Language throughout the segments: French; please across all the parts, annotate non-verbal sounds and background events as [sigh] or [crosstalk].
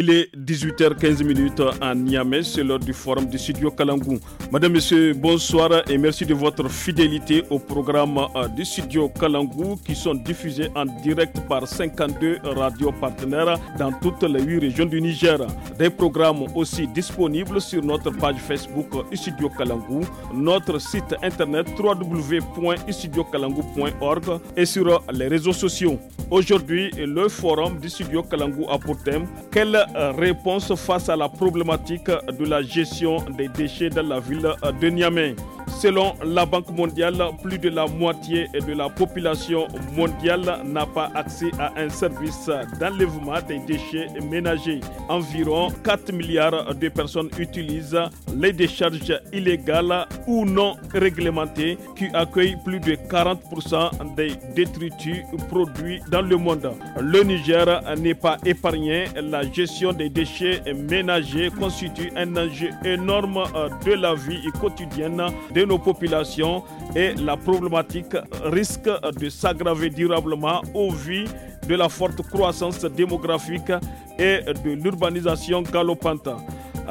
Il est 18h15 à Niamey, c'est l'heure du forum du studio Kalangou. Madame, Monsieur, bonsoir et merci de votre fidélité au programme euh, du studio Kalangou qui sont diffusés en direct par 52 radios partenaires dans toutes les 8 régions du Niger. Des programmes aussi disponibles sur notre page Facebook euh, Studio Kalangou, notre site internet www.studiokalangou.org et sur euh, les réseaux sociaux. Aujourd'hui, le forum du studio Kalangou a pour thème quelle euh, réponse face à la problématique de la gestion des déchets dans la ville de Niamey. Selon la Banque mondiale, plus de la moitié de la population mondiale n'a pas accès à un service d'enlèvement des déchets ménagers. Environ 4 milliards de personnes utilisent les décharges illégales ou non réglementées qui accueillent plus de 40% des détritus produits dans le monde. Le Niger n'est pas épargné. La gestion des déchets ménagers constitue un enjeu énorme euh, de la vie quotidienne de nos populations et la problématique risque de s'aggraver durablement au vu de la forte croissance démographique et de l'urbanisation galopante.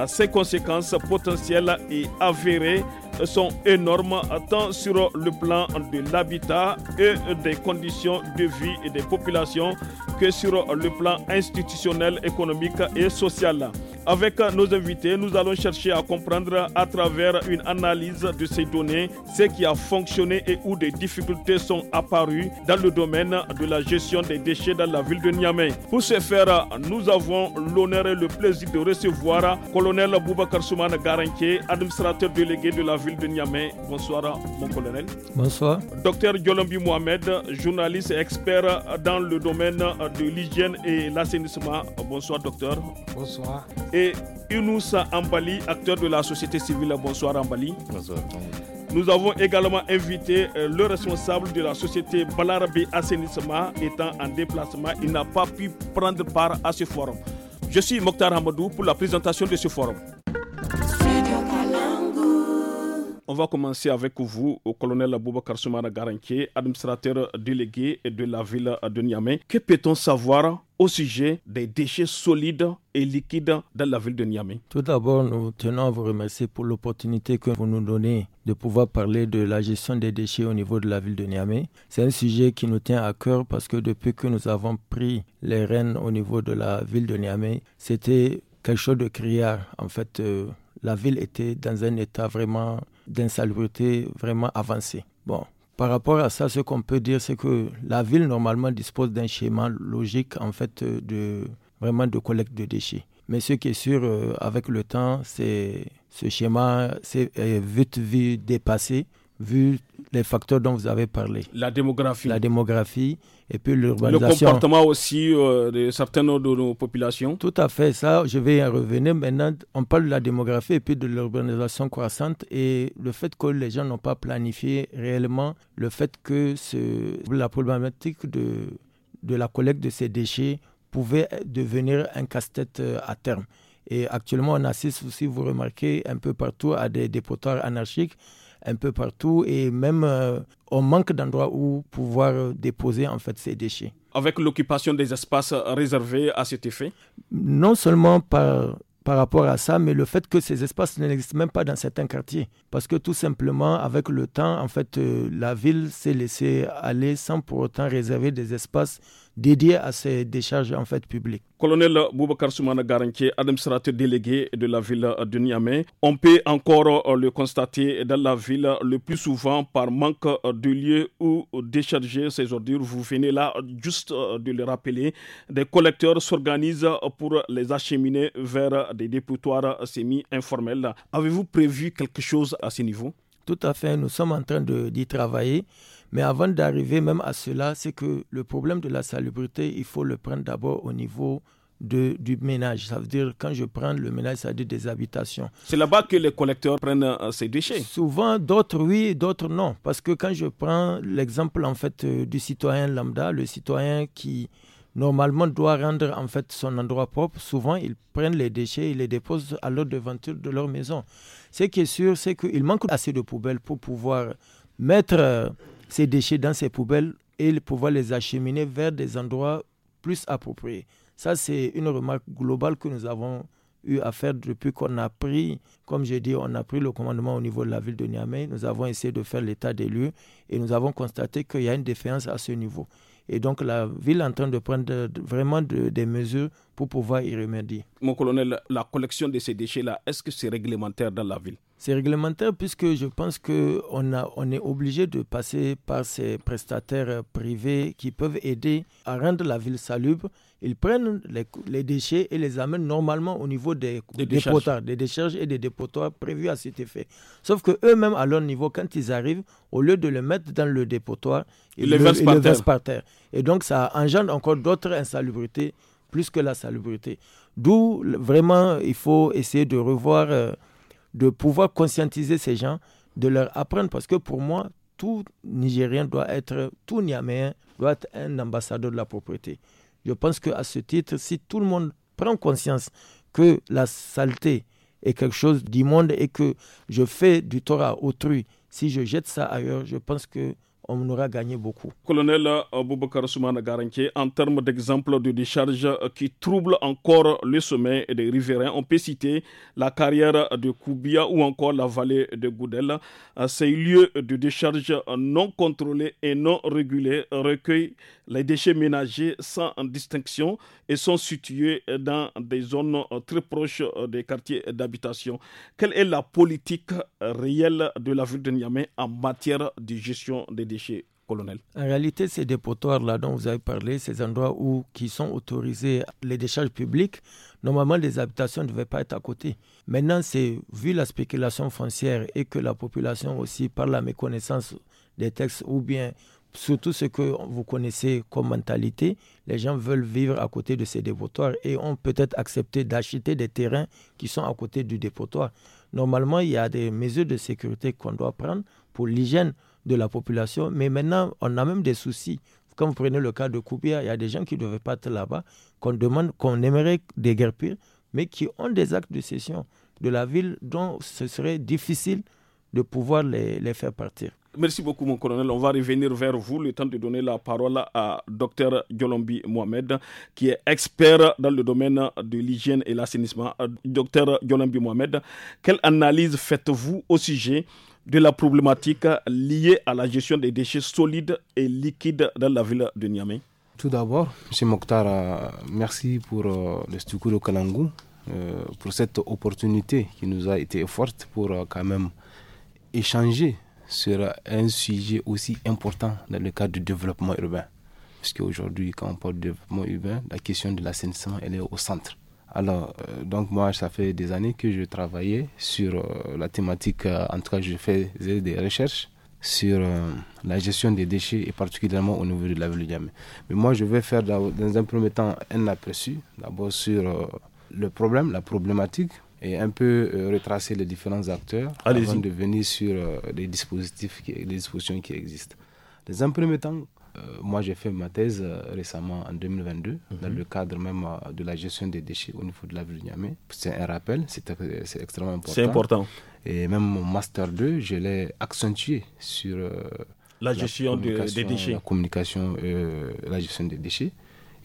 Ces conséquences potentielles et avérées sont énormes tant sur le plan de l'habitat et des conditions de vie et des populations que sur le plan institutionnel, économique et social. Avec euh, nos invités, nous allons chercher à comprendre à travers une analyse de ces données ce qui a fonctionné et où des difficultés sont apparues dans le domaine de la gestion des déchets dans la ville de Niamey. Pour ce faire, nous avons l'honneur et le plaisir de recevoir colonel Boubacar Souman Garanké, administrateur délégué de la ville de Niamey. Bonsoir, mon colonel. Bonsoir. Docteur Yolambi Mohamed, journaliste et expert dans le domaine de l'hygiène et l'assainissement. Bonsoir, docteur. Bonsoir et Inoussa Ambali, acteur de la société civile. Bonsoir Ambali. Bonsoir. Nous avons également invité euh, le responsable de la société Balarabi Assainissement étant en déplacement. Il n'a pas pu prendre part à ce forum. Je suis Mokhtar Hamadou pour la présentation de ce forum. on va commencer avec vous, au colonel Abuba Soumana Garantier, administrateur délégué de la ville de Niamey. Que peut-on savoir au sujet des déchets solides et liquides dans la ville de Niamey. Tout d'abord, nous tenons à vous remercier pour l'opportunité que vous nous donnez de pouvoir parler de la gestion des déchets au niveau de la ville de Niamey. C'est un sujet qui nous tient à cœur parce que depuis que nous avons pris les rênes au niveau de la ville de Niamey, c'était quelque chose de criard. En fait, euh, la ville était dans un état vraiment d'insalubrité vraiment avancée. Bon, par rapport à ça, ce qu'on peut dire, c'est que la ville normalement dispose d'un schéma logique en fait de vraiment de collecte de déchets. Mais ce qui est sûr euh, avec le temps, c'est ce schéma s'est vite vu dépassé vu les facteurs dont vous avez parlé. La démographie. La démographie et puis l'urbanisation. Le comportement aussi euh, de certaines de nos populations. Tout à fait, ça, je vais en revenir. Maintenant, on parle de la démographie et puis de l'urbanisation croissante et le fait que les gens n'ont pas planifié réellement le fait que ce, la problématique de, de la collecte de ces déchets pouvait devenir un casse-tête euh, à terme. Et actuellement, on assiste, aussi, vous remarquez, un peu partout à des dépotoirs anarchiques un peu partout et même euh, on manque d'endroits où pouvoir euh, déposer en fait ces déchets. Avec l'occupation des espaces réservés à cet effet Non seulement par par rapport à ça, mais le fait que ces espaces n'existent même pas dans certains quartiers. Parce que tout simplement, avec le temps, en fait, euh, la ville s'est laissée aller sans pour autant réserver des espaces dédié à ces décharges en fait publiques. Colonel Boubacar Soumana Garantier, administrateur délégué de la ville de Niamey, on peut encore euh, le constater dans la ville le plus souvent par manque de lieu où décharger ces ordures. Vous venez là juste euh, de le rappeler. Des collecteurs s'organisent pour les acheminer vers des dépotoirs semi-informels. Avez-vous prévu quelque chose à ce niveau Tout à fait, nous sommes en train d'y travailler. Mais avant d'arriver même à cela, c'est que le problème de la salubrité, il faut le prendre d'abord au niveau de, du ménage. Ça veut dire, quand je prends le ménage, ça veut dire des habitations. C'est là-bas que les collecteurs prennent euh, ces déchets Souvent, d'autres oui, d'autres non. Parce que quand je prends l'exemple en fait euh, du citoyen lambda, le citoyen qui normalement doit rendre en fait son endroit propre, souvent ils prennent les déchets et les déposent à l'autre devanture de leur maison. Ce qui est sûr, c'est qu'il manque assez de poubelles pour pouvoir mettre... Euh, ces déchets dans ces poubelles et pouvoir les acheminer vers des endroits plus appropriés. Ça, c'est une remarque globale que nous avons eu à faire depuis qu'on a pris, comme j'ai dit, on a pris le commandement au niveau de la ville de Niamey. Nous avons essayé de faire l'état des lieux et nous avons constaté qu'il y a une défiance à ce niveau. Et donc la ville est en train de prendre vraiment des mesures pour pouvoir y remédier. Mon colonel, la collection de ces déchets-là, est-ce que c'est réglementaire dans la ville c'est réglementaire puisque je pense qu'on on est obligé de passer par ces prestataires privés qui peuvent aider à rendre la ville salubre. Ils prennent les, déchets et les amènent normalement au niveau des, des des décharges et des dépotoirs prévus à cet effet. Sauf que eux-mêmes, à leur niveau, quand ils arrivent, au lieu de les mettre dans le dépotoir, ils, les le, versent, par, terre. Et donc, ça engendre encore d'autres insalubrités plus que la salubrité. D'où vraiment, il faut essayer de revoir. Euh, de pouvoir conscientiser ces gens, de leur apprendre, parce que pour moi, tout Nigérien doit être, tout Niaméen doit être un ambassadeur de la propriété. Je pense qu'à ce titre, si tout le monde prend conscience que la saleté est quelque chose d'immonde et que je fais du tort à autrui, si je jette ça ailleurs, je pense que on aura gagné beaucoup. Colonel Boubacar Soumana Garanke, en termes d'exemple de décharge qui trouble encore le sommet des riverains, on peut citer la carrière de Koubia ou encore la vallée de Goudel. Euh, ces lieux de décharge non contrôlés et non régulés recueillent les déchets ménagers sans distinction et sont situés dans des zones euh, très proches euh, des quartiers d'habitation. Quelle est la politique euh, réelle de la ville de Niamey en matière de gestion des déchets Colonel. En réalité, ces dépotoirs-là dont vous avez parlé, ces endroits où qui sont autorisés les décharges publiques, normalement les habitations ne devaient pas être à côté. Maintenant, c'est vu la spéculation foncière et que la population aussi, par la méconnaissance des textes ou bien surtout ce que vous connaissez comme mentalité, les gens veulent vivre à côté de ces dépotoirs et ont peut-être accepté d'acheter des terrains qui sont à côté du dépotoir. Normalement, il y a des mesures de sécurité qu'on doit prendre pour l'hygiène de la population, mais maintenant, on a même des soucis. Comme vous prenez le cas de Koubia, il y a des gens qui ne devaient pas être là-bas, qu'on demande, qu'on aimerait déguerpir, mais qui ont des actes de cession de la ville dont ce serait difficile de pouvoir les faire partir. Merci beaucoup, mon colonel. On va revenir vers vous, le temps de donner la parole à Dr Yolombi Mohamed, qui est expert dans le domaine de l'hygiène et l'assainissement. Dr Yolambi Mohamed, quelle analyse faites-vous au sujet de la problématique liée à la gestion des déchets solides et liquides dans la ville de Niamey Tout d'abord, M. Mokhtar, euh, merci pour euh, le Stukuro Kalangou, euh, pour cette opportunité qui nous a été forte pour quand même échanger sur un sujet aussi important dans le cadre du développement urbain. Parce qu'aujourd'hui, quand on parle de développement urbain, la question de l'assainissement, elle est au centre. Alors, euh, donc moi, ça fait des années que je travaillais sur euh, la thématique, euh, en tout cas, je faisais des recherches sur la gestion des déchets et particulièrement au niveau de la ville de Yamé. Mais moi, je vais faire dans un premier temps un aperçu, d'abord sur le problème, la problématique, et un peu euh, retracer les différents acteurs avant de venir sur euh, les dispositifs, les dispositions qui existent. Dans un premier temps, euh, moi j'ai fait ma thèse récemment en 2022 mhm. dans le cadre même de la gestion des déchets au niveau de la ville de Niamey. C'est un rappel, c'est extrêmement important. C'est important. Et même mon master 2, je l'ai accentué sur la gestion des déchets, la communication, la gestion des déchets.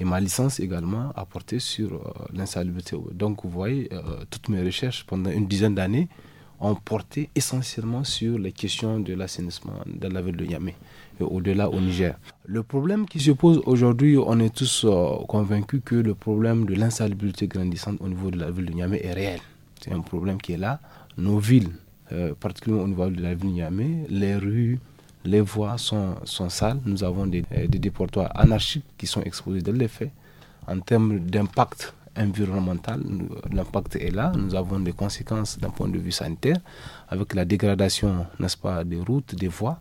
Et ma licence également a porté sur euh, l'insalubrité. Donc vous voyez, euh, toutes mes recherches pendant une dizaine d'années ont porté essentiellement sur les questions de l'assainissement de la ville de Niamey et au-delà au Niger. Le problème qui se pose aujourd'hui, on est tous euh, convaincus que le problème de l'insalubrité grandissante au niveau de la ville de Niamey est réel. C'est un problème qui est là. Nos villes, particulièrement au niveau de la ville de Niamey, les rues, les voies sont, sont sales, nous avons des, euh, des déportoirs anarchiques qui sont exposés de l'effet. En termes d'impact environnemental, l'impact est là, nous avons des conséquences d'un point de vue sanitaire, avec la dégradation, n'est-ce pas, des routes, des voies,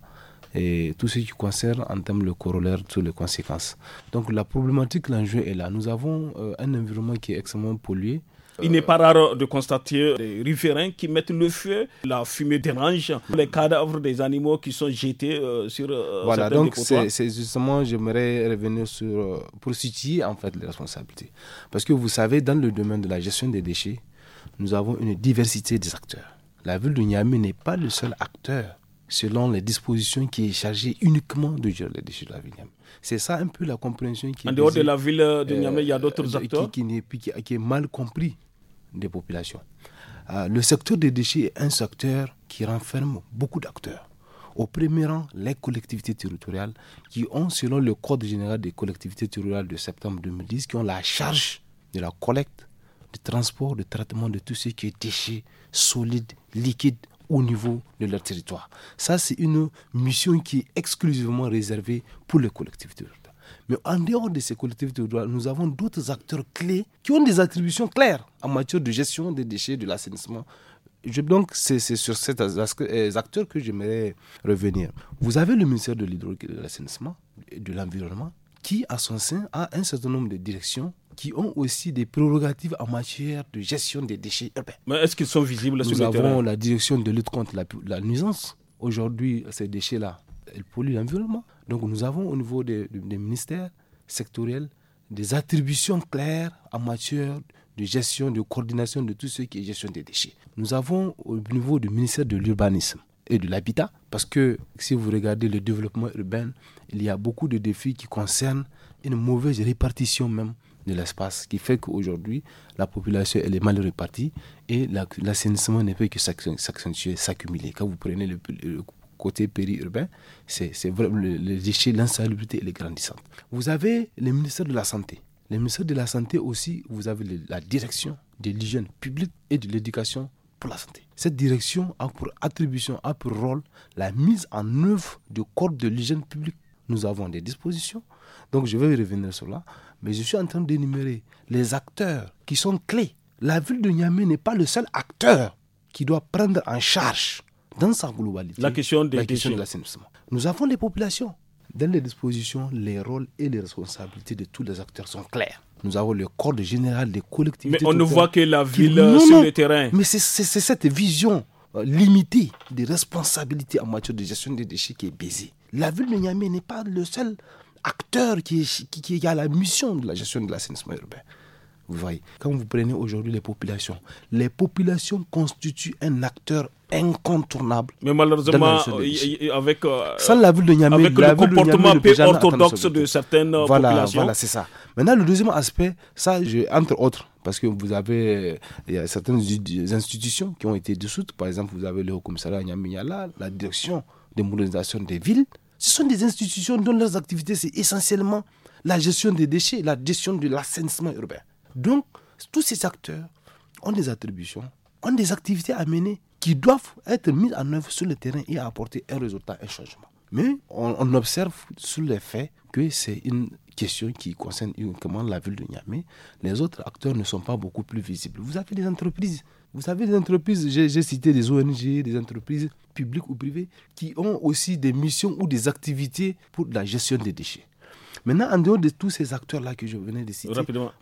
et tout ce qui concerne en termes de corollaire, toutes les conséquences. Donc la problématique, l'enjeu est là. Nous avons euh, un environnement qui est extrêmement pollué, il n'est pas rare de constater des riverains qui mettent le feu, la fumée dérange, les cadavres des animaux qui sont jetés euh, sur. Euh, voilà, donc c'est justement, j'aimerais revenir sur. Euh, pour situer en fait les responsabilités. Parce que vous savez, dans le domaine de la gestion des déchets, nous avons une diversité des acteurs. La ville de Niamey n'est pas le seul acteur selon les dispositions qui est chargée uniquement de gérer les déchets de la ville C'est ça un peu la compréhension qui est... En dehors de la ville de euh, Niamey, il y a d'autres euh, acteurs qui, qui, qui, qui, est mal compris des populations. Euh, le secteur des déchets est un secteur qui renferme beaucoup d'acteurs. Au premier rang, les collectivités territoriales qui ont, selon le Code général des collectivités territoriales de septembre 2010, qui ont la charge de la collecte, du transport, du traitement de tout ce qui est déchets solides, liquides au niveau de leur territoire. Ça, c'est une mission qui est exclusivement réservée pour les collectivités mais en dehors de ces collectivités de droits, nous avons d'autres acteurs clés qui ont des attributions claires en matière de gestion des déchets, de l'assainissement. donc, c'est sur ces euh, acteurs que j'aimerais revenir. Vous avez le ministère de l'Hydrogène, de l'assainissement et de l'environnement qui, à son sein, a un certain nombre de directions qui ont aussi des prérogatives en matière de gestion des déchets urbains. Mais est-ce qu'ils sont visibles Nous avons la direction de lutte contre la nuisance. Aujourd'hui, ces déchets-là, elle pollue l'environnement. Donc nous avons au niveau des, ministères sectoriels des attributions claires en matière de gestion, de coordination de tout ce qui est gestion des déchets. Nous avons au niveau du ministère de l'urbanisme et de l'habitat, parce que si vous regardez le développement urbain, il y a beaucoup de défis qui concernent une mauvaise répartition même de l'espace, qui fait qu'aujourd'hui, la population elle est mal répartie et l'assainissement n'est ne peut que s'accentuer, s'accumuler. Quand vous prenez le, le côté périurbain, c'est vraiment le, le déchet, l'insalubrité, est grandissante. Vous avez le ministère de la Santé. Le ministère de la Santé aussi, vous avez la direction de l'hygiène publique et de l'éducation pour la santé. Cette direction a pour attribution, a pour rôle la mise en œuvre du code de l'hygiène publique. Nous avons des dispositions, donc je vais revenir sur cela, mais je suis en train d'énumérer les acteurs qui sont clés. La ville de Niamey n'est pas le seul acteur qui doit prendre en charge dans sa globalité, la question, de l'assainissement. Nous avons les populations. Dans les dispositions, les rôles et les responsabilités de tous les acteurs sont clairs. Nous avons le corps de général des collectivités. Mais on ne voit que la ville sur le terrain. Mais c'est cette vision euh, limitée des responsabilités en matière de gestion des déchets qui est baisée. La ville de Niamey n'est pas le seul acteur qui, qui, qui a la mission de la gestion de l'assainissement urbain. Vous voyez, quand vous prenez aujourd'hui les populations, les populations constituent un acteur incontournable. Mais malheureusement, avec, euh, Sans la ville de Niamey, avec le comportement peu orthodoxe de certaines euh, populations. Voilà, c'est ça. Maintenant, le deuxième aspect, ça, entre autres, parce que vous avez il a certaines institutions qui ont été dissoutes. Par exemple, vous avez le Haut Commissariat niamey la direction de modernisation des villes. Ce sont des institutions dont leurs activités, c'est essentiellement la gestion des déchets, la gestion de l'assainissement urbain. Donc, tous ces acteurs ont des attributions, ont des activités à mener qui doivent être mises en œuvre sur le terrain et apporter un résultat, un changement. Mais on, observe sur les faits que c'est une question qui concerne uniquement la ville de Niamey. Les autres acteurs ne sont pas beaucoup plus visibles. Vous avez des entreprises vous savez, des entreprises, j'ai cité des ONG, des entreprises publiques ou privées, qui ont aussi des missions ou des activités pour la gestion des déchets. Maintenant, en dehors de tous ces acteurs-là que je venais de citer,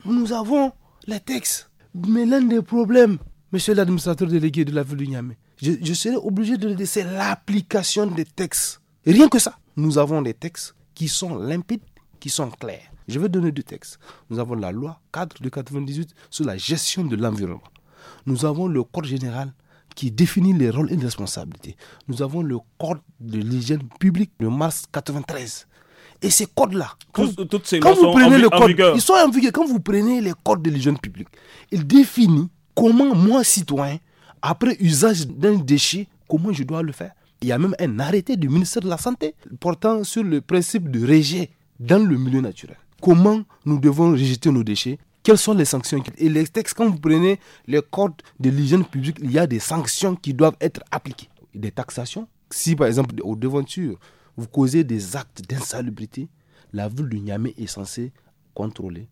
nous avons les textes. Mais l'un des problèmes monsieur l'administrateur délégué de la ville de Niamey, je, serai obligé de laisser l'application des textes. Rien que ça. Nous avons des textes qui sont limpides, qui sont clairs. Je vais donner deux textes. Nous avons la loi cadre de 98 sur la gestion de l'environnement. Nous avons le code général qui définit les rôles et les responsabilités. Nous avons le code de l'hygiène publique de mars 93. Et ces codes-là, quand, vous, prenez le code, ils sont en vigueur. Quand vous prenez les codes de l'hygiène publique, ils définissent Comment moi, citoyen, après usage d'un déchet, comment je dois le faire Il y a même un arrêté du ministère de la Santé portant sur le principe de rejet dans le milieu naturel. Comment nous devons rejeter nos déchets quelles sont les sanctions Et les textes, quand vous prenez les codes de l'hygiène publique, il y a des sanctions qui doivent être appliquées. Des taxations. Si par exemple, aux devantures, vous causez des actes d'insalubrité, la ville de Niamey est censée contrôler,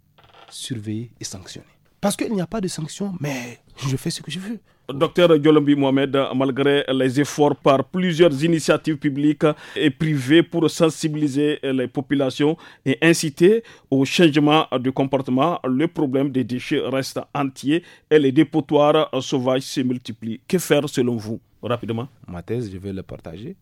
surveiller et sanctionner. Parce qu'il n'y a pas de sanctions, mais je fais ce que je veux. Docteur Djolombi Mohamed, malgré les efforts par plusieurs initiatives publiques et privées pour sensibiliser les populations et inciter au changement de comportement, le problème des déchets reste entier et les dépotoirs sauvages se multiplient. Que faire selon vous Rapidement. Ma thèse, je vais la partager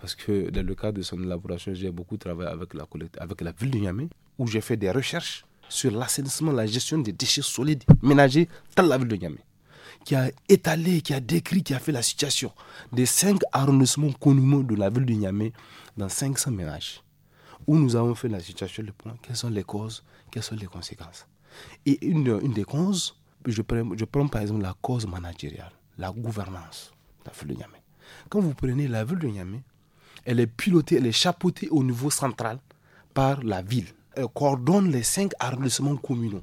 parce que dans le cadre de son élaboration, j'ai beaucoup travaillé avec la, avec la ville de Niamey où j'ai fait des recherches sur l'assainissement, la gestion des déchets solides ménagers dans la ville de Niamey, qui a étalé, qui a décrit, qui a fait la situation des cinq arrondissements communaux de la ville de Niamey dans 500 ménages, où nous avons fait la situation le point, quelles sont les causes, quelles sont les conséquences. Et une, des causes, je prends, je prends par exemple la cause managériale, la gouvernance de la ville de Niamey. Quand vous prenez la ville de Niamey, elle est pilotée, elle est chapeautée au niveau central par la ville euh, coordonne les cinq arrondissements communaux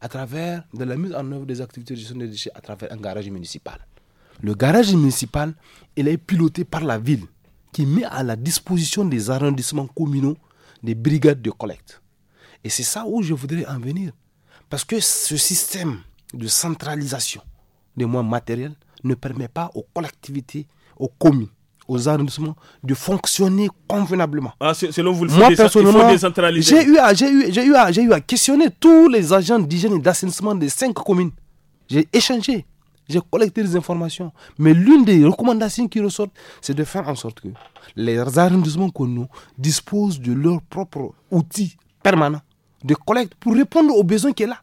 à travers de la mise en œuvre des activités de gestion des déchets à travers un garage municipal. Le garage municipal, il est piloté par la ville qui met à la disposition des arrondissements communaux des brigades de collecte. Et c'est ça où je voudrais en venir. Parce que ce système de centralisation des moyens matériels ne permet pas aux collectivités, aux communes, aux arrondissements de fonctionner convenablement. Ah, Moi, personnellement, j'ai eu, à, questionner tous les agents d'hygiène et d'assainissement des cinq communes. J'ai échangé, j'ai collecté des informations. Mais l'une des recommandations qui ressort, c'est de faire en sorte que les arrondissements que nous disposent de leur propre outil permanent de collecte pour répondre aux besoins qui est là.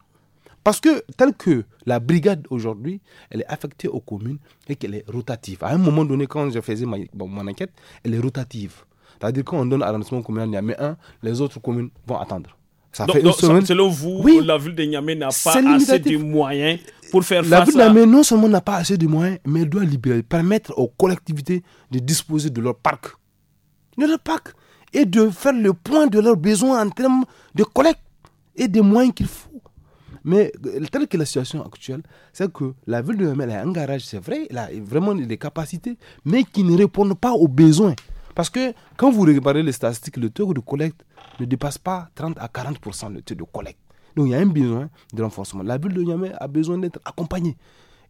Parce que telle que la brigade aujourd'hui, elle est affectée aux communes et qu'elle est rotative. À un moment donné, quand je faisais mon enquête, elle est rotative. C'est-à-dire quand on donne arrondissement communal Niamey 1, les autres communes vont attendre. Ça donc, fait semaine... Selon vous, la ville de Niamey n'a pas assez de moyens pour faire la face à... La ville de Niamey non seulement n'a pas assez de moyens, mais elle doit permettre aux collectivités de disposer de leur parc. De leur parc. Et de faire le point de leurs besoins en termes de collecte et des moyens qu'il faut. Mais euh, telle que la situation actuelle, c'est que la ville de Niamey a un garage, c'est vrai, elle a vraiment des capacités, mais qui ne répondent pas aux besoins. Parce que quand vous regardez les statistiques, le taux de collecte ne dépasse pas 30 à 40 le taux de collecte. Donc il y a un besoin de renforcement. La ville de Niamey a besoin d'être accompagnée.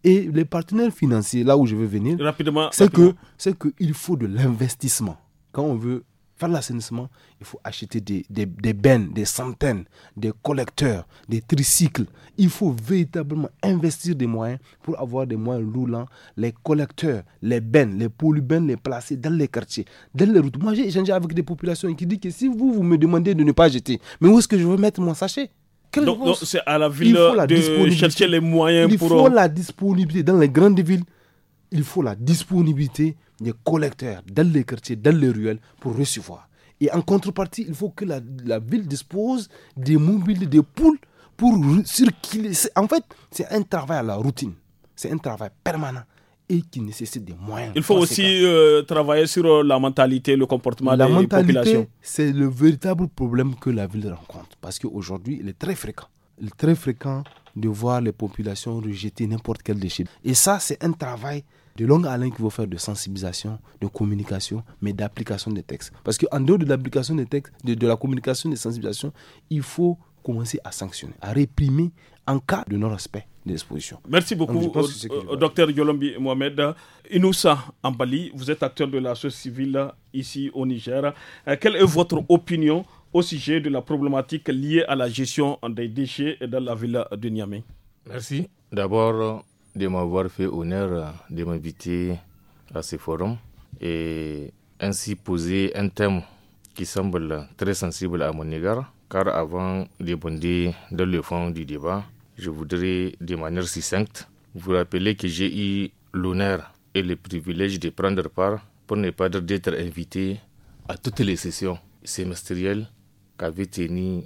Et les partenaires financiers, là où je veux venir, c'est que c'est qu'il faut de l'investissement quand on veut l'assainissement, il faut acheter des, des, des bennes, des centaines, des collecteurs, des tricycles. Il faut véritablement investir des moyens pour avoir des moyens roulants. Les collecteurs, les bennes, les polybennes, les placer dans les quartiers, dans les routes. Moi, j'ai échangé avec des populations qui disent que si vous, vous me demandez de ne pas jeter, mais où est-ce que je veux mettre mon sachet donc, c'est à la ville la de chercher les moyens pour. Il faut la disponibilité dans les grandes villes il faut la disponibilité des collecteurs dans les quartiers, dans les ruelles pour recevoir. Et en contrepartie, il faut que la, ville dispose des mobiles, des poules pour circuler. En fait, c'est un travail à la routine. C'est un travail permanent et qui nécessite des moyens. Il faut aussi euh, travailler sur euh, la mentalité, le comportement la des mentalité, C'est le véritable problème que la ville rencontre. Parce qu'aujourd'hui, il est très fréquent. Il est très fréquent de voir les populations rejeter n'importe quel déchet. Et ça, c'est un travail de longue haleine qu'il faut faire de sensibilisation, de communication, mais d'application des textes. Parce qu'en dehors de l'application des textes, de, la communication, de sensibilisation, il faut commencer à sanctionner, à réprimer en cas de non-respect des dispositions. Merci beaucoup, euh, euh, docteur Yolombi Mohamed. Inoussa Ambali, vous êtes acteur de la société civile ici au Niger. Euh, quelle est votre opinion au sujet de la problématique liée à la gestion des déchets dans la ville de Niamey Merci. D'abord, de m'avoir fait honneur de m'inviter à ce forum et ainsi poser un thème qui semble très sensible à mon égard, car avant de bonder dans le fond du débat, je voudrais de manière succincte vous rappeler que j'ai eu l'honneur et le privilège de prendre part, pour ne pas dire d'être invité, à toutes les sessions semestrielles qu'avait tenues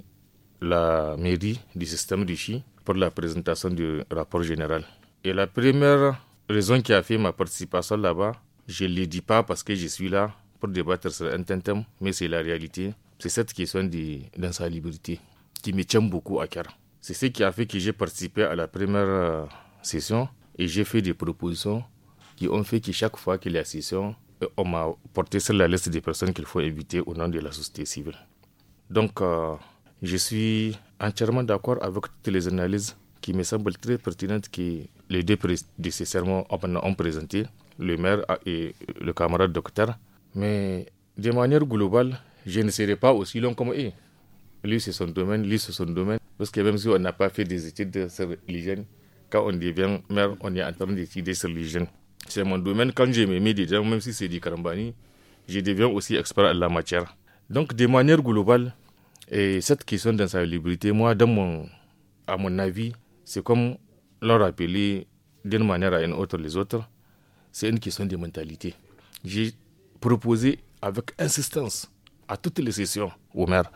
la mairie du système du CHI pour la présentation du rapport général. Et la première raison qui a fait ma participation là-bas, je ne le dis pas parce que je suis là pour débattre sur un thème, mais c'est la réalité. C'est cette question d'insalubrité qui me tient beaucoup à cœur. C'est ce qui a fait que j'ai participé à la première euh, session et j'ai fait des propositions qui ont fait que chaque fois qu'il y a session, euh, on m'a porté sur la liste des personnes qu'il faut éviter au nom de la société civile. Donc, euh, je suis entièrement d'accord avec toutes les analyses qui me semblent très pertinentes qui les deux serments ont présenté, le maire et le camarade docteur. Mais de manière globale, je ne serai pas aussi long comme eux. Lui, c'est son domaine, lui, c'est son domaine. Parce que même si on n'a pas fait des études sur l'hygiène, quand on devient maire, on est en train d'étudier sur l'hygiène. C'est mon domaine. Quand je mes déjà même si c'est du karambani, je deviens aussi expert à la matière. Donc, de manière globale, et cette question d'insalubrité, moi, dans mon, à mon avis, c'est comme leur appeler d'une manière à une autre les autres, c'est une question de mentalité. J'ai proposé avec insistance à toutes les sessions au maire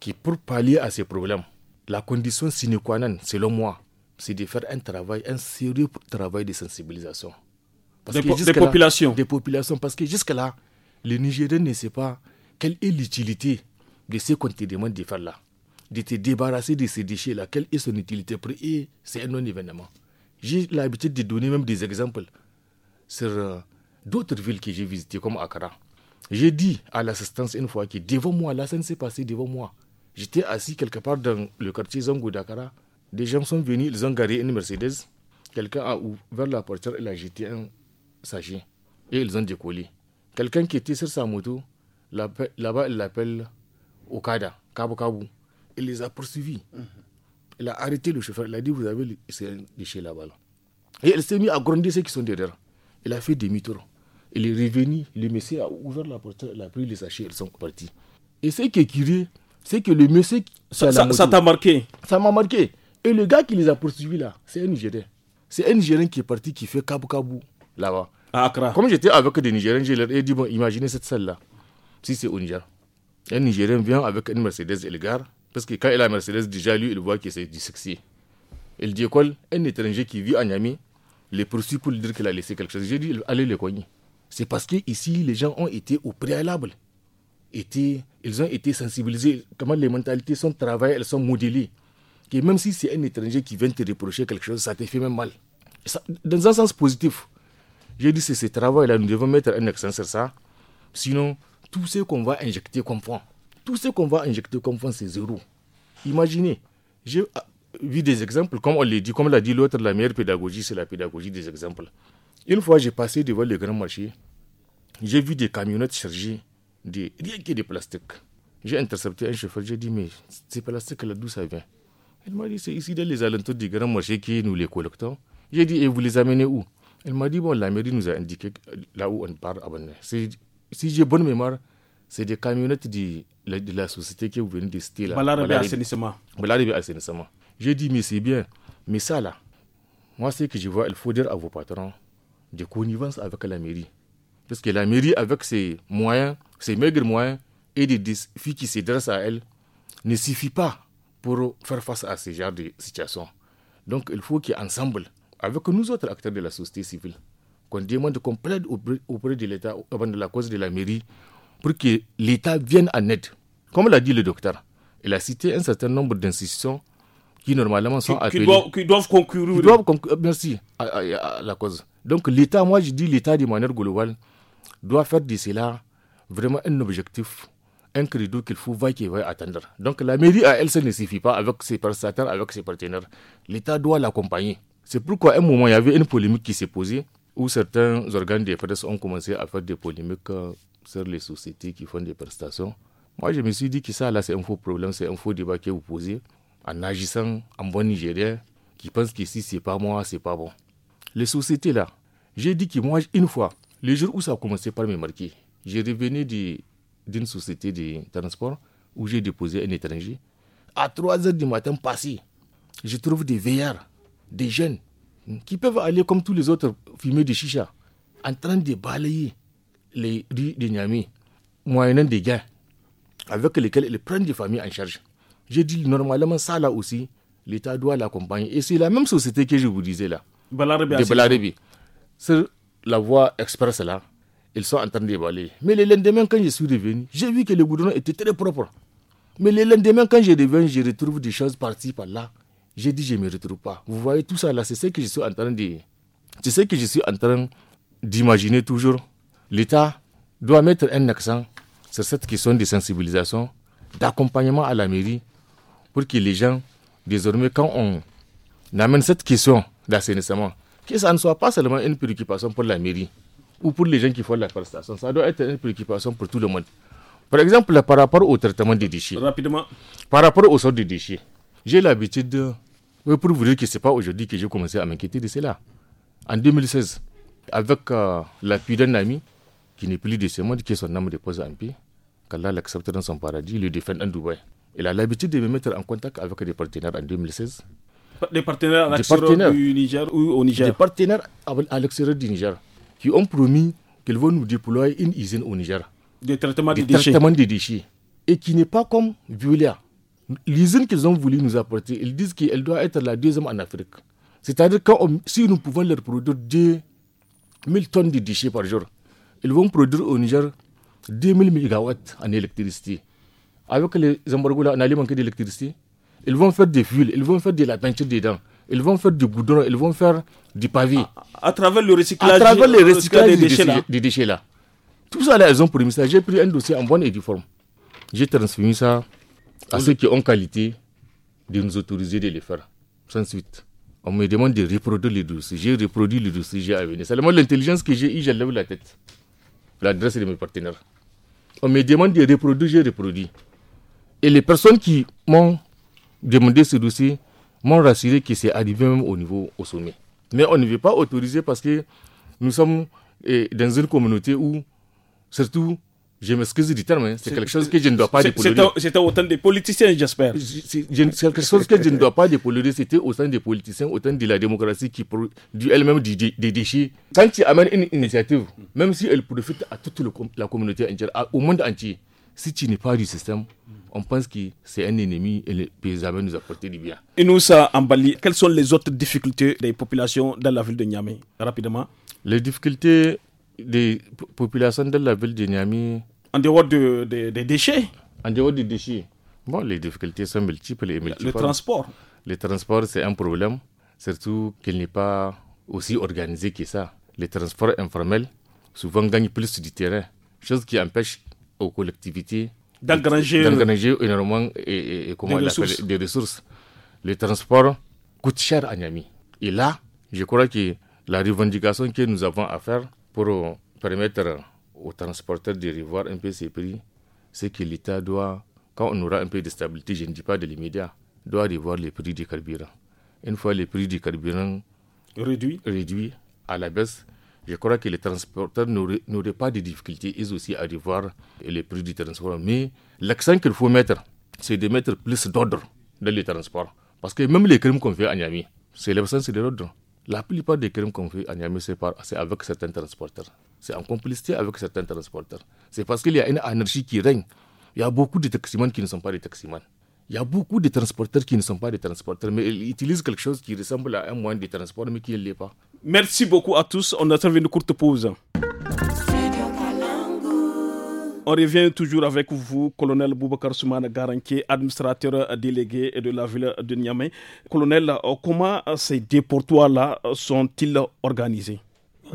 que pour pallier à ces problèmes, la condition sine qua non, selon moi, c'est de faire un travail, un sérieux travail de sensibilisation. Parce des, que populations. des populations, parce que jusque-là, les Nigériens ne savent pas quelle est l'utilité de ce qu'on te de faire là de débarrassé de ces déchets-là, quelle est son utilité Et c'est un non-événement. J'ai l'habitude de donner même des exemples sur euh, d'autres villes que j'ai visitées, comme Accra. J'ai dit à l'assistance une fois que devant moi, la scène s'est passé devant moi. J'étais assis quelque part dans le quartier Zongo d'Accra Des gens sont venus, ils ont garé une Mercedes. Quelqu'un a ouvert la portière, il a jeté un sachet. Et ils ont décollé. Quelqu'un qui était sur sa moto, là-bas, il l'appelle Okada, Kabo il les a poursuivis. Elle mhm. Il a arrêté le chauffeur. Il a dit Vous avez les déchet là-bas. Et elle s'est mise à gronder ceux qui sont derrière. Il a fait demi-tour. Il est revenu. Le monsieur a ouvert la porte. Il a pris les sachets. Ils sont partis. Et ce qui est curieux, c'est que le monsieur. Ça t'a marqué Ça m'a marqué. Et le gars qui les a poursuivis là, c'est un Nigérien. C'est un Nigérien qui est parti, qui fait kabou-kabou là-bas. À Accra. Comme j'étais avec des Nigériens, je leur ai dit Bon, imaginez cette salle-là. Si c'est au Niger. Un Nigérien vient avec une Mercedes et le gars... Parce que quand il a Mercedes, déjà lui, il voit que c'est du sexy. Il dit quoi Un étranger qui vit à Niamey le poursuit pour lui dire qu'il a laissé quelque chose. J'ai dit allez le cogner. C'est parce que ici, les gens ont été au préalable. ils ont été sensibilisés. Comment les mentalités sont travaillées, elles sont modélées. Que même si c'est un étranger qui vient te reprocher quelque chose, ça te fait même mal. dans un sens positif. J'ai dit c'est ce travail-là, nous devons mettre un accent sur ça. Sinon, tout ce qu'on va injecter comme fonds tout ce qu'on va injecter comme fonds, c'est zéro. Imaginez, j'ai ah, vu des exemples, comme on l'a dit, comme l'a dit l'autre, la meilleure pédagogie, c'est la pédagogie des exemples. Une fois, j'ai passé devant le grand marché, j'ai vu des camionnettes chargées de rien que de plastique. J'ai intercepté un chauffeur, j'ai dit, mais ces plastiques-là, d'où ça vient Elle m'a dit, c'est ici dans les alentours du grand marché que nous les collectons. J'ai dit, et vous les amenez où Elle m'a dit, bon, la mairie nous a indiqué là où on part Si j'ai bonne mémoire, c'est des camionnettes de la, de la, société qui est venue de citer là. Balarabe assainissement. assainissement. J'ai dit, mais c'est bien. Mais ça là, moi, ce que je vois, il faut dire à vos patrons de connivence avec la mairie. Parce que la mairie, avec ses moyens, ses maigres moyens et des défis qui se dressent à elle, ne suffit pas pour faire face à ce genre de situation. Donc, il faut qu'ensemble, avec nous autres acteurs de la société civile, qu'on demande qu'on plaide auprès de l'État, de la cause de la mairie, pour que l'État vienne en aide. Comme l'a dit le docteur, il a cité un certain nombre d'institutions qui normalement sont qui, appelées. Doivent, qui doivent, concourir. doivent euh, merci, à, la cause. Donc l'État, moi je dis l'État de manière globale, doit faire de cela vraiment un objectif, un credo qu'il faut qu'il va attendre. Donc la mairie à elle, ça ne suffit pas avec ses prestataires, avec ses partenaires. L'État doit l'accompagner. C'est pourquoi à un moment, il y avait une polémique qui s'est posée où certains organes des FEDES ont commencé à faire des polémiques euh, sur les sociétés qui font des prestations. Moi, je me suis dit que ça, là, c'est un faux problème, c'est un faux débat que vous posez en agissant en bon Nigérien qui pense que si c'est pas moi, c'est pas bon. Les sociétés, là, j'ai dit que moi, une fois, le jour où ça a commencé par me marquer, j'ai revenais d'une société de transport où j'ai déposé un étranger. À 3 heures du matin passé, je trouve des veillards, des jeunes, qui peuvent aller comme tous les autres fumer des chicha, en train de balayer les rues de Niami, moyennant des gains avec lesquels ils prennent des familles en charge. J'ai dit normalement ça là aussi, l'État doit l'accompagner. Et c'est la même société que je vous disais là, de Balarebi. Sur la voie express là, ils sont en train d'évaluer. Mais le lendemain, quand je suis revenu, j'ai vu que le goudron était très propre. Mais le lendemain, quand je revenu... je retrouve des choses parties par-là. J'ai dit, je ne me retrouve pas. Vous voyez tout ça là, c'est ce que je suis en train de. C'est ce que je suis en train d'imaginer toujours l'État doit mettre un accent sur cette question de sensibilisation, d'accompagnement à la mairie, pour que les gens, désormais, quand on amène cette question d'assainissement, que ça ne soit pas seulement une préoccupation pour la mairie ou pour les gens qui font la prestation, ça doit être une préoccupation pour tout le monde. Par exemple, par rapport au traitement des déchets. Rapidement. Par rapport au sort des déchets. J'ai l'habitude, de... pour vous dire que ce n'est pas aujourd'hui que j'ai commencé à m'inquiéter de cela. En 2016, avec euh, l'appui d'un ami, qui n'est plus de ce monde, que son âme dépose en paix, qu'Allah l'accepte dans son paradis, le défend en Dubaï. Il a l'habitude de me mettre en contact avec des partenaires en 2016. Des partenaires à l'extérieur du Niger ou au Niger Des partenaires à l'extérieur du Niger qui ont promis qu'ils vont nous déployer une usine au Niger. Des traitements des, déchets. Et qui n'est pas comme Violia. L'usine qu'ils ont voulu nous apporter, ils disent qu'elle doit être la deuxième en Afrique. C'est-à-dire que si nous pouvons leur produire 000 tonnes de déchets par jour, ils vont produire au Niger 2000 MW en électricité. Avec les embargos on allait manquer d'électricité. Ils vont faire des fuels, ils vont faire de la peinture dedans, ils vont faire du goudron, ils vont faire du pavé. À, travers le recyclage, des, déchets, là. Tout ça là, ils ont promis ça. J'ai pris un dossier en bonne et due forme. J'ai transmis ça à ceux qui ont qualité de nous autoriser de le faire. Ensuite, On me demande de reproduire les dossiers. J'ai reproduit les dossiers, j'ai à venir. Seulement l'intelligence que j'ai eue, lève la tête l'adresse de mes partenaires. On me demande de reproduire, j'ai reproduit. Et les personnes qui m'ont demandé ce dossier m'ont rassuré que c'est arrivé même au niveau au sommet. Mais on ne veut pas autoriser parce que nous sommes eh, dans une communauté où, surtout, je m'excuse du terme, c'est quelque chose que je ne dois pas dépolluer. C'était autant des politiciens, j'espère. C'est quelque chose que je ne dois pas dépolluer, c'était sein des politiciens, autant de la démocratie qui produit elle-même des, déchets. Quand tu amènes une initiative, même si elle profite à toute la communauté entière, au monde entier, si tu n'es pas du système, on pense que c'est un ennemi et les paysans nous apporter du bien. Et nous, ça, en quelles sont les autres difficultés des populations dans la ville de Niamey Rapidement. Les difficultés des populations dans la ville de Niamey, en dehors des déchets En dehors des déchets. Bon, les difficultés sont multiples et multiples. Le transport. Le transport, c'est un problème, surtout qu'il n'est pas aussi organisé que ça. Les transports informels, souvent, gagnent plus du terrain, chose qui empêche aux collectivités euh, d'engranger énormément et, et, comment des, ressources. des, ressources. Le transport coûte cher à Niamey. Et là, je crois que la revendication que nous avons à faire pour euh, permettre aux transporteurs de revoir un peu ces prix, c'est que l'État doit, quand on aura un peu de stabilité, je ne dis pas de l'immédiat, doit revoir les prix du carburant. Une fois les prix du carburant réduits à la baisse, je crois que les transporteurs n'auraient pas de difficultés, ils aussi, à revoir les prix du transport. Mais l'accent qu'il faut mettre, c'est de mettre plus d'ordre dans les transports. Parce que même les crimes qu'on fait à Niamey, c'est l'absence de l'ordre. La plupart des crimes qu'on fait à Niamey, c'est avec certains transporteurs c'est en complicité avec certains transporteurs. C'est parce qu'il y a une anarchie qui règne. Il y a beaucoup de taximans qui ne sont pas des taximans. Il y a beaucoup de transporteurs qui ne sont pas des transporteurs, mais ils utilisent quelque chose qui ressemble à un moyen de transport, mais qui ne l'est pas. Merci beaucoup à tous. On attend une courte pause. On revient toujours avec vous, colonel Boubacar Soumane Garanké, administrateur délégué de la ville de Niamey. Colonel, euh, comment ces déportoirs-là euh, sont-ils organisés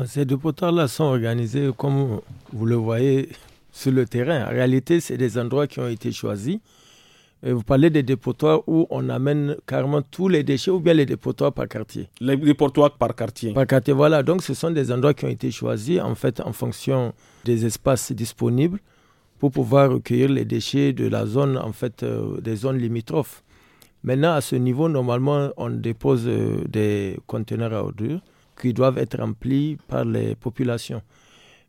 ces dépotoirs là sont organisés, comme vous le voyez, sur le terrain. En réalité, c'est des endroits qui ont été choisis. vous parlez des dépotoirs où on amène carrément tous les déchets ou bien les dépotoirs par quartier Les dépotoirs par quartier. Par quartier, voilà. Donc ce sont des endroits qui ont été choisis en fait en fonction des espaces disponibles pour pouvoir recueillir les déchets de la zone, en fait, euh, des zones limitrophes. Maintenant, à ce niveau, normalement, on dépose euh, des conteneurs à ordures qui doivent être remplis par les populations.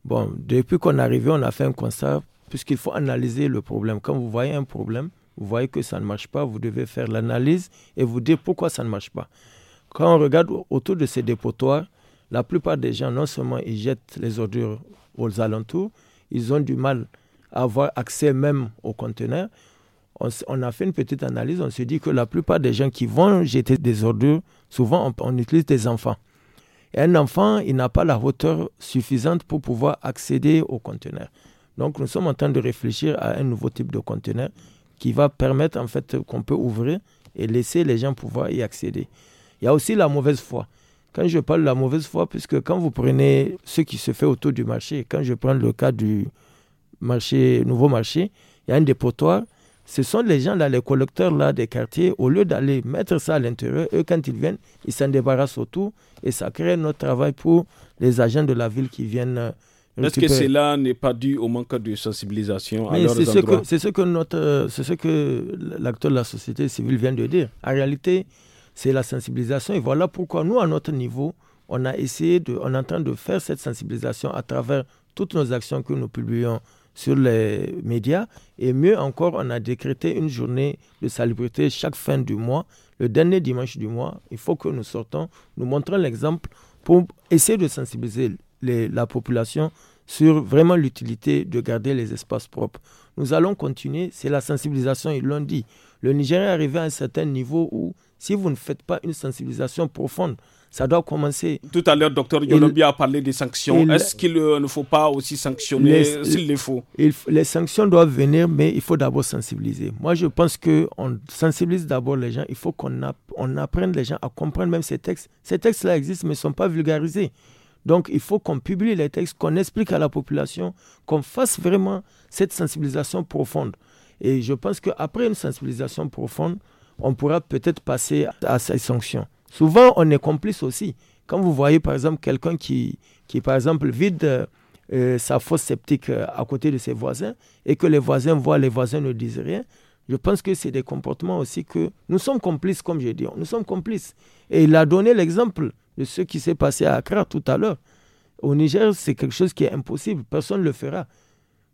Bon, depuis qu'on est arrivé, on a fait un constat, puisqu'il faut analyser le problème. Quand vous voyez un problème, vous voyez que ça ne marche pas, vous devez faire l'analyse et vous dire pourquoi ça ne marche pas. Quand on regarde autour de ces dépotoirs, la plupart des gens, non seulement ils jettent les ordures aux alentours, ils ont du mal à avoir accès même aux conteneurs. On, a fait une petite analyse, on se dit que la plupart des gens qui vont jeter des ordures, souvent on utilise des enfants un enfant, il n'a pas la hauteur suffisante pour pouvoir accéder au conteneur. Donc nous sommes en train de réfléchir à un nouveau type de conteneur qui va permettre en fait qu'on peut ouvrir et laisser les gens pouvoir y accéder. Il y a aussi la mauvaise foi. Quand je parle de la mauvaise foi, puisque quand vous prenez ce qui se fait autour du marché, quand je prends le cas du marché nouveau marché, il y a un dépotoir, ce sont les gens là, les collecteurs là des quartiers, au lieu d'aller mettre ça à l'intérieur, eux quand ils viennent, ils s'en débarrassent autour et ça crée notre travail pour les agents de la ville qui viennent. Euh, Est-ce que cela n'est pas dû au manque de sensibilisation à leurs endroits C'est ce que notre, c'est ce que l'acteur de la société civile vient de dire. En réalité, c'est la sensibilisation et voilà pourquoi nous à notre niveau, on a essayé de, on est en train de faire cette sensibilisation à travers toutes nos actions que nous publions sur les médias. Et mieux encore, on a décrété une journée de salubrité chaque fin du mois, le dernier dimanche du mois. Il faut que nous sortons, nous montrons l'exemple pour essayer de sensibiliser la population sur vraiment l'utilité de garder les espaces propres. Nous allons continuer, c'est la sensibilisation, ils l'ont dit. Le Nigeria est arrivé à un certain niveau où, si vous ne faites pas une sensibilisation profonde, ça doit commencer. Tout à l'heure, docteur Yolobi a parlé des sanctions. Est-ce qu'il euh, ne faut pas aussi sanctionner s'il le faut Les sanctions doivent venir, mais il faut d'abord sensibiliser. Moi, je pense qu'on sensibilise d'abord les gens. Il faut qu'on on apprenne les gens à comprendre même ces textes. Ces textes-là existent, mais ne sont pas vulgarisés. Donc, il faut qu'on publie les textes, qu'on explique à la population, qu'on fasse vraiment cette sensibilisation profonde. Et je pense qu'après une sensibilisation profonde, on pourra peut-être passer à ces sanctions. Souvent, on est complice aussi. Quand vous voyez, par exemple, quelqu'un qui, qui, par exemple, vide euh, euh, sa fosse sceptique euh, à côté de ses voisins et que les voisins voient, les voisins ne disent rien, je pense que c'est des comportements aussi que nous sommes complices, comme j'ai dit. Nous sommes complices. Et il a donné l'exemple de ce qui s'est passé à Accra tout à l'heure. Au Niger, c'est quelque chose qui est impossible. Personne ne le fera.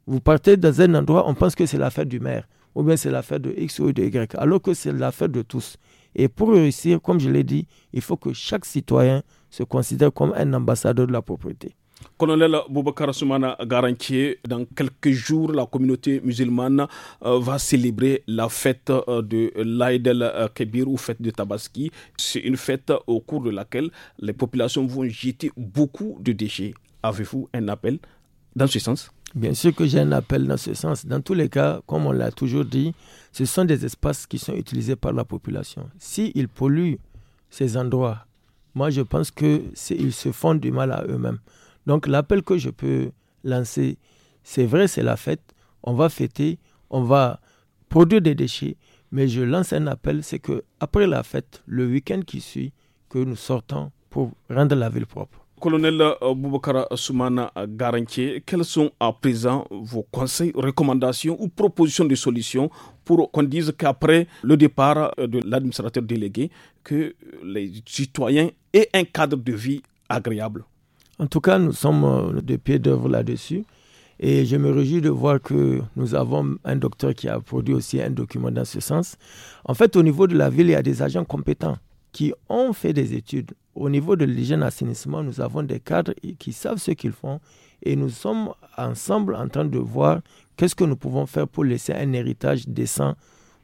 Vous partez dans un endroit, on pense que c'est l'affaire du maire, ou bien c'est l'affaire de X ou de Y, alors que c'est l'affaire de tous. Et pour réussir, comme je l'ai dit, il faut que chaque citoyen se considère comme un ambassadeur de la propriété. Colonel Boubacar Soumana Garantier, dans quelques jours, la communauté musulmane euh, va célébrer la fête euh, de l'Aïd el-Kébir euh, ou fête de Tabaski. C'est une fête au cours de laquelle les populations vont jeter beaucoup de déchets. Avez-vous un appel dans ce sens Bien sûr que j'ai un appel dans ce sens. Dans tous les cas, comme on l'a toujours dit, ce sont des espaces qui sont utilisés par la population. S'ils polluent ces endroits, moi je pense qu'ils se font du mal à eux-mêmes. Donc l'appel que je peux lancer, c'est vrai, c'est la fête, on va fêter, on va produire des déchets, mais je lance un appel, c'est qu'après la fête, le week-end qui suit, que nous sortons pour rendre la ville propre. Colonel euh, Boubacara Soumana Garantier, quels sont à présent vos conseils, recommandations ou propositions de solutions pour qu'on dise qu'après le départ euh, de l'administrateur délégué, que les citoyens aient un cadre de vie agréable En tout cas, nous sommes euh, de pied d'œuvre là-dessus. Et je me réjouis de voir que nous avons un docteur qui a produit aussi un document dans ce sens. En fait, au niveau de la ville, il y a des agents compétents qui ont fait des études. Au niveau de l'hygiène assainissement, nous avons des cadres qui savent ce qu'ils font et nous sommes ensemble en train de voir qu'est-ce que nous pouvons faire pour laisser un héritage décent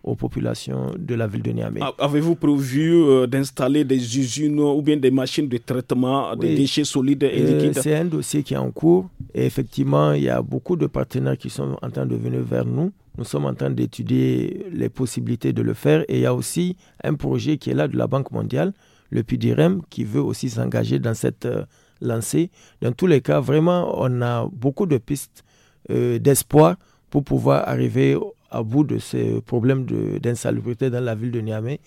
aux populations de la ville de Niamey. Avez-vous prévu euh, d'installer des usines ou bien des machines de traitement des déchets solides et euh, liquides C'est un dossier qui est en cours et effectivement, il y a beaucoup de partenaires qui sont en train de venir vers nous nous sommes en train d'étudier les possibilités de le faire et il y a aussi un projet qui est là de la Banque mondiale, le PIDIREM, qui veut aussi s'engager dans cette euh, lancée. Dans tous les cas, vraiment, on a beaucoup de pistes euh, d'espoir pour pouvoir arriver à bout de ce problème d'insalubrité dans la ville de Niamey.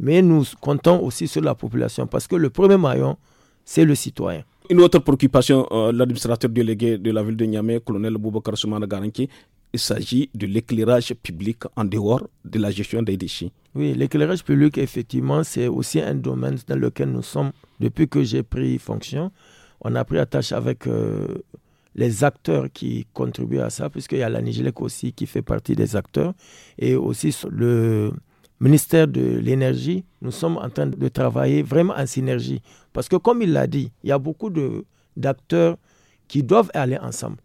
Mais nous comptons aussi sur la population parce que le premier maillon, c'est le citoyen. Une autre préoccupation, euh, l'administrateur délégué de la ville de Niamey, colonel Boubacar Soumana Garanki, il s'agit de l'éclairage public en dehors de la gestion des déchets. Oui, l'éclairage public, effectivement, c'est aussi un domaine dans lequel nous sommes, depuis que j'ai pris fonction, on a pris attache avec euh, les acteurs qui contribuent à ça, puisqu'il y a la Nigélec aussi qui fait partie des acteurs, et aussi le ministère de l'énergie, nous sommes en train de travailler vraiment en synergie. Parce que comme il l'a dit, il y a beaucoup d'acteurs qui doivent aller ensemble.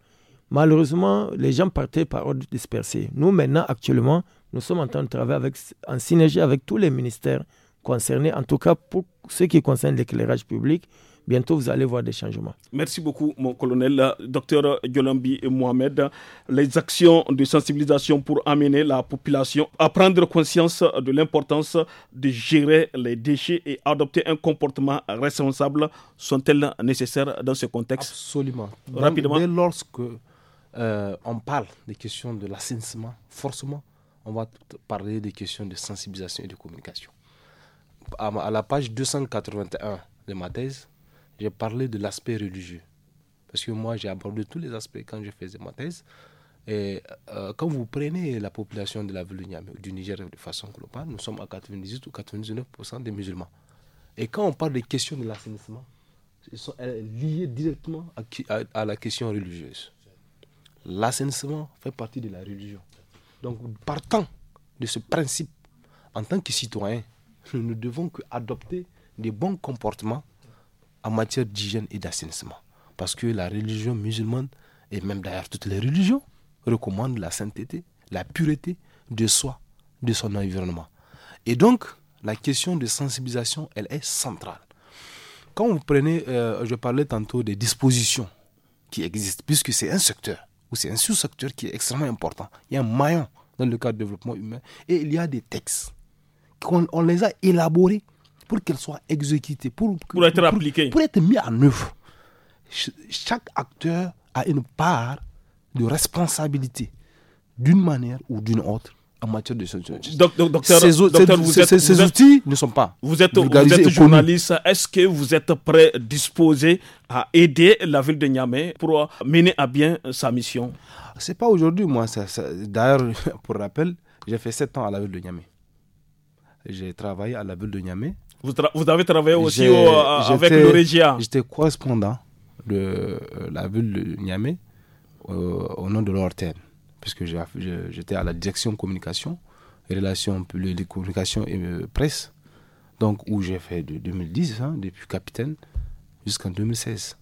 Malheureusement, les gens partaient par ordre dispersé. Nous, maintenant, actuellement, nous sommes en train de travailler avec, en synergie avec tous les ministères concernés, en tout cas pour ce qui concerne l'éclairage public. Bientôt, vous allez voir des changements. Merci beaucoup, mon colonel. Docteur Yolambi et Mohamed, les actions de sensibilisation pour amener la population à prendre conscience de l'importance de gérer les déchets et adopter un comportement responsable sont-elles nécessaires dans ce contexte Absolument. Rapidement. lorsque euh, on parle des questions de l'assainissement, forcément, on va parler des questions de sensibilisation et de communication. À, la page 281 de ma thèse, j'ai parlé de l'aspect religieux. Parce que moi, j'ai abordé tous les aspects quand je faisais ma thèse. Et euh, quand vous prenez la population de la ville du Niger de façon globale, nous sommes à 98 ou 99% des musulmans. Et quand on parle des questions de l'assainissement, elles sont liées directement à la question religieuse l'assainissement fait partie de la religion. Donc, partant de ce principe, en tant que citoyen, nous ne devons qu'adopter des bons comportements en matière d'hygiène et d'assainissement. Parce que la religion musulmane, et même d'ailleurs toutes les religions, recommandent la sainteté, la pureté de soi, de son environnement. Et donc, la question de sensibilisation, elle est centrale. Quand vous prenez, euh, je parlais tantôt des dispositions qui existent, puisque c'est un secteur où c'est un sous-secteur qui est extrêmement important. Il y a un maillon dans le cadre du développement humain et il y a des textes qu'on on les a élaborés pour qu'elles soient exécutées, pour, être pour être mis en œuvre. chaque acteur a une part de responsabilité, d'une manière ou d'une autre, en matière de donc, ces, outils ne sont pas. Vous êtes, journaliste. Est-ce que vous êtes prêt, disposé à aider la ville de Niamey pour mener à bien sa mission C'est pas aujourd'hui, moi. D'ailleurs, [laughs] pour rappel, j'ai fait 7 ans à la ville de Niamey. J'ai travaillé à la ville de Niamey. Vous, avez travaillé aussi euh, avec le Régia J'étais correspondant de euh, la ville de Niamey euh, au nom de l'ORTN puisque j'étais à la direction communication, relations publiques, communication et euh, presse, donc où j'ai fait de 2010, hein, depuis capitaine, jusqu'en 2016.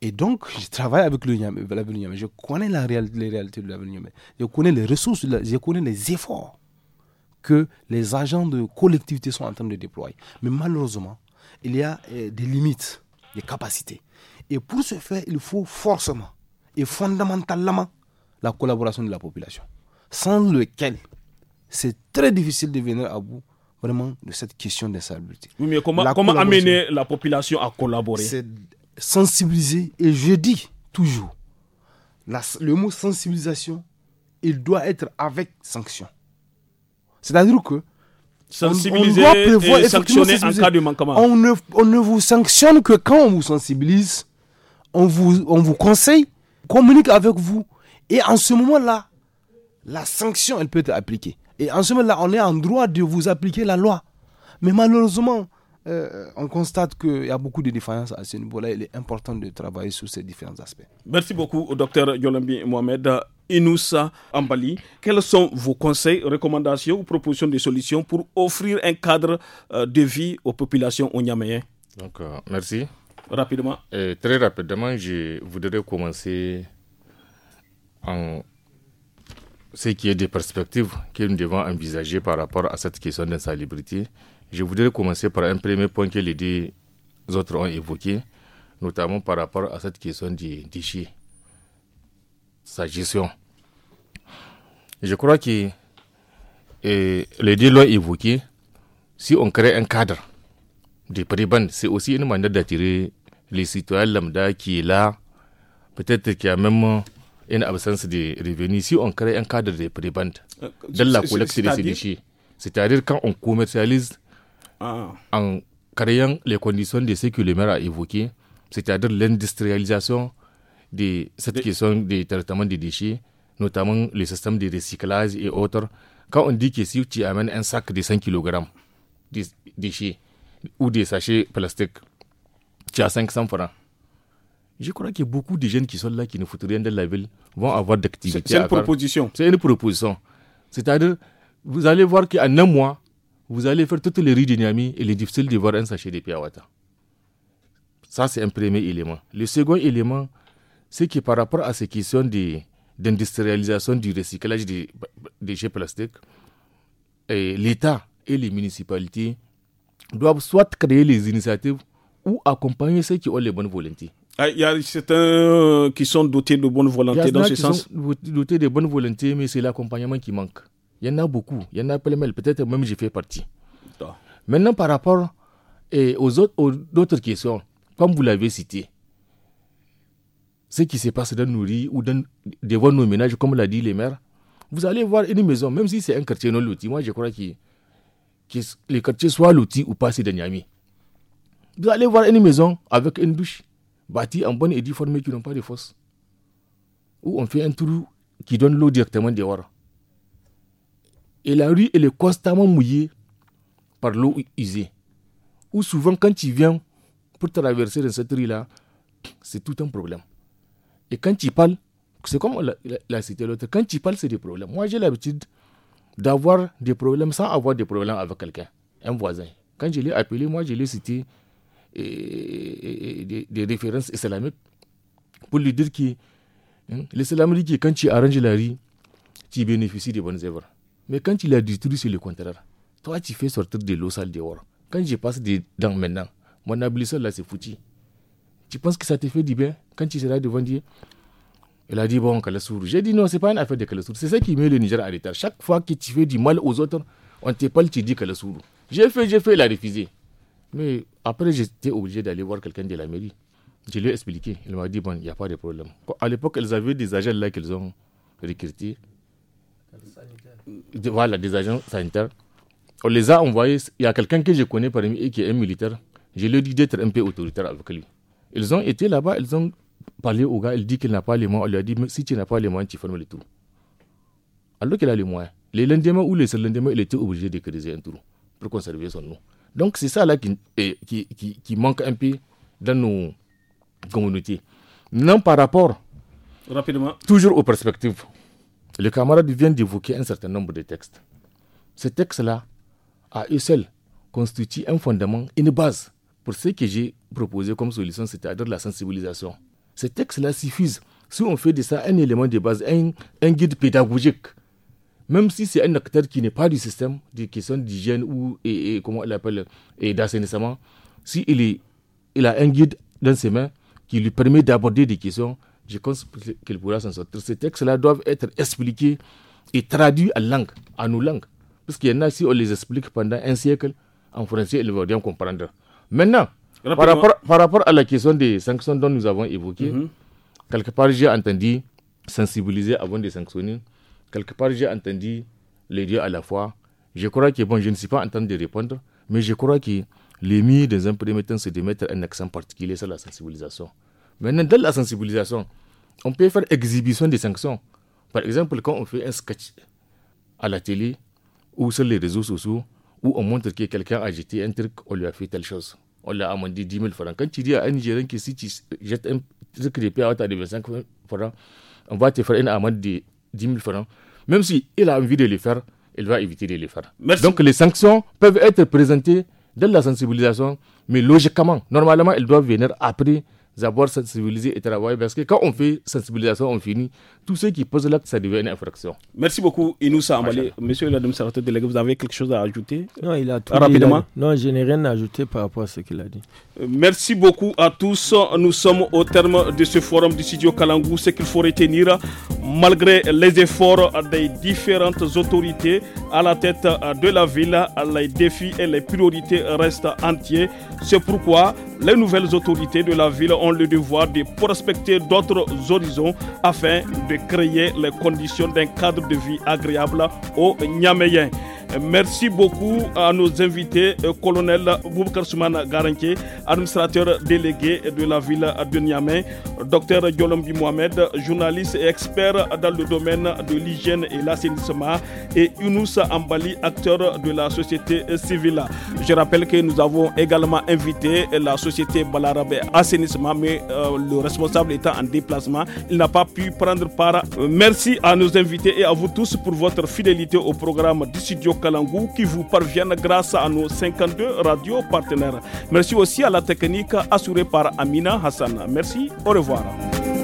Et donc, je travaille avec le Niamey. Je connais la réalité, les réalités de l'avenir. Je connais les ressources, je connais les efforts que les agents de collectivité sont en train de déployer. Mais malheureusement, il y a euh, des limites, des capacités. Et pour ce faire, il faut forcément et fondamentalement la collaboration de la population, sans lequel c'est très difficile de venir à bout vraiment de cette question de salubrité. mais comment, comment amener la population à collaborer C'est sensibiliser, et je dis toujours, le mot sensibilisation, il doit être avec sanction. C'est-à-dire que on, et sanctionner en cas de manquement. On ne, vous sanctionne que quand on vous sensibilise, on vous, on vous conseille, communique avec vous, et en ce moment-là, la sanction, elle peut être appliquée. Et en ce moment-là, on est en droit de vous appliquer la loi. Mais malheureusement, euh, on constate qu'il y a beaucoup de défaillances à ce niveau-là. Il est important de travailler sur ces différents aspects. Merci beaucoup au docteur Yolambi Mohamed. Inoussa Ambali, quels sont vos conseils, recommandations ou propositions de solutions pour offrir un cadre euh, de vie aux populations onyaméennes Donc, euh, merci. Rapidement. très rapidement, je voudrais commencer en ce qui est des perspectives que nous devons envisager par rapport à cette question d'insalubrité, je voudrais commencer par un premier point que les deux autres ont évoqué, notamment par rapport à cette question des déchets, sa gestion. Je crois que les deux l'ont évoqué, si on crée un cadre de prébande, c'est aussi une manière d'attirer les citoyens lambda qui est là, peut-être qu'il y a même une absence de revenus, si on crée un cadre de prébente euh, de la collecte de ces déchets, c'est-à-dire quand on commercialise ah. en créant les conditions de ce que le maire a évoqué, c'est-à-dire l'industrialisation de cette question des traitement des déchets, notamment le système de recyclage et autres. Quand on dit que si tu amènes un sac de 5 kg de déchets ou des sachets plastiques, tu as 500 francs. Je crois que beaucoup de jeunes qui sont là, qui ne foutent rien de la ville, vont avoir d'activités. C'est une proposition. C'est une proposition. C'est-à-dire, vous allez voir qu'en un mois, vous allez faire toutes les rues de Niamey et il est difficile de voir un sachet de Piawata. Ça, c'est un premier élément. Le second élément, c'est que par rapport à ces questions d'industrialisation du recyclage des déchets plastiques, l'État et les municipalités doivent soit créer les initiatives ou accompagner ceux qui ont les bonnes volontés. Ah, il y a certains euh, qui sont dotés de bonne volonté dans ce sens. Sont dotés de bonne volonté, mais c'est l'accompagnement qui manque. Il y en a beaucoup. Il y en a plein Peut-être même j'ai fait partie. Maintenant, par rapport et aux autres aux, d'autres questions, comme vous l'avez cité, ce qui se passe dans nos riz ou dans, devant nos ménages, comme l'a dit les maires, vous allez voir une maison, même si c'est un quartier non loti. Moi, je crois que, que les quartiers soient lotis ou pas, c'est de Niami. Vous allez voir une maison avec une douche bâti en bonne et due qui n'ont pas de fosse. Où on fait un trou qui donne l'eau directement dehors. Et la rue, elle est constamment mouillée par l'eau usée. Ou souvent, quand tu viens pour traverser dans cette rue-là, c'est tout un problème. Et quand tu parles, c'est comme la, la cité l'autre, quand tu parles, c'est des problèmes. Moi, j'ai l'habitude d'avoir des problèmes sans avoir des problèmes avec quelqu'un, un voisin. Quand je l'ai appelé, moi, je l'ai cité et, des, références islamiques pour lui dire que hein, l'islam dit que quand tu arranges la rue, tu bénéficies des bonnes œuvres. Mais quand il la détruis c'est le contraire. Toi, tu fais sortir de l'eau sale dehors. Quand je passe dedans maintenant, mon ablisseur là, c'est foutu. Tu penses que ça te fait du bien quand tu seras devant Dieu il a dit, bon, Kalassour. J'ai dit, non, c'est pas une affaire de Kalassour. C'est ça qui met le Niger à l'état. Chaque fois que tu fais du mal aux autres, on te parle, tu dis Kalassour. J'ai fait, j'ai fait, il a refusé. Mais après, j'étais obligé d'aller voir quelqu'un de la mairie. Je lui ai expliqué. Il m'a dit, bon, il n'y a pas de problème. À l'époque, ils avaient des agents là qu'ils ont recrutés. Voilà, des agents sanitaires. On les a envoyés. Il y a quelqu'un que je connais parmi eux qui est un militaire. Je lui ai dit d'être un peu autoritaire avec lui. Ils ont été là-bas, ils ont parlé au gars, il dit qu'il n'a pas les moyens. On lui a dit, mais si tu n'as pas les moyens, tu fermes le tout. Alors qu'il a les moyens. Les lendemain ou le lendemain, il était obligé de créer un trou pour conserver son nom. Donc c'est ça là qui, manque un peu dans nos communautés. Non par rapport toujours aux perspectives. Le camarade vient d'évoquer un certain nombre de textes. Ce texte là à eux seuls, constitue un fondement, une base pour ce que j'ai proposé comme solution, c'est-à-dire la sensibilisation. Ce texte là suffisent si on fait de ça un élément de base, un guide pédagogique même si c'est un acteur qui n'est pas du système, des questions d'hygiène ou, et, comment il appelle, et d'assainissement, s'il il, il a un guide dans ses mains qui lui permet d'aborder des questions, je pense qu'il pourra s'en sortir. Ces textes-là doivent être expliqués et traduits à langue, à nos langues. Parce qu'il y en a, si on les explique pendant un siècle, en français, ils vont bien comprendre. Maintenant, par rapport, par rapport, à la question des sanctions dont nous avons évoqué, mm-hmm. quelque part, j'ai entendu sensibiliser avant de sanctionner quelque part, j'ai entendu les deux à la fois. Je crois que, bon, je ne suis pas en train de répondre, mais je crois que le dans un premier temps, c'est de mettre un accent particulier sur la sensibilisation. Maintenant, dans la sensibilisation, on peut faire exhibition des sanctions. Par exemple, quand on fait un sketch à la télé ou sur les réseaux sociaux, où on montre que quelqu'un a jeté un truc, on lui a fait telle chose. On l'a amendé 10 000 francs. Quand tu dis à un gérant que si tu jettes un truc de paix à 25 francs, on va te faire une amende de 10 000 francs, même s'il a envie de les faire, il va éviter de les faire. Donc les sanctions peuvent être présentées dans la sensibilisation, mais logiquement, normalement, elles doivent venir après d'abord sensibiliser et travailler parce que quand on fait sensibilisation, on finit. tous ceux qui posent l'acte, ça devient une infraction. Merci beaucoup, Inoussa Amalé. Monsieur Sarate délégué, vous avez quelque chose à ajouter Non, il a tout Rapidement. non, je n'ai rien à ajouter par rapport à ce qu'il a dit. Euh, merci beaucoup à tous. Nous sommes au terme de ce forum du studio Kalangou. Ce qu'il faut retenir, malgré les efforts des différentes autorités à la tête de la ville, les défis et les priorités restent entiers. C'est pourquoi les nouvelles autorités de la ville ont le devoir de prospecter d'autres horizons afin de créer les conditions d'un cadre de vie agréable aux Niaméens. Merci beaucoup à nos invités, euh, colonel Boubacar Soumana Garanke, administrateur délégué de la ville de Niamey, docteur Yolombi Mohamed, journaliste et expert dans le domaine de l'hygiène et l'assainissement, et Younous Ambali, acteur de la société civile. Je rappelle que nous avons également invité la société Balarabe Assainissement, mais euh, le responsable étant en déplacement, il n'a pas pu prendre part. Merci à nos invités et à vous tous pour votre fidélité au programme du studio Kalangou qui vous parviennent grâce à nos 52 radios partenaires. Merci aussi à la technique assurée par Amina Hassan. Merci, au revoir.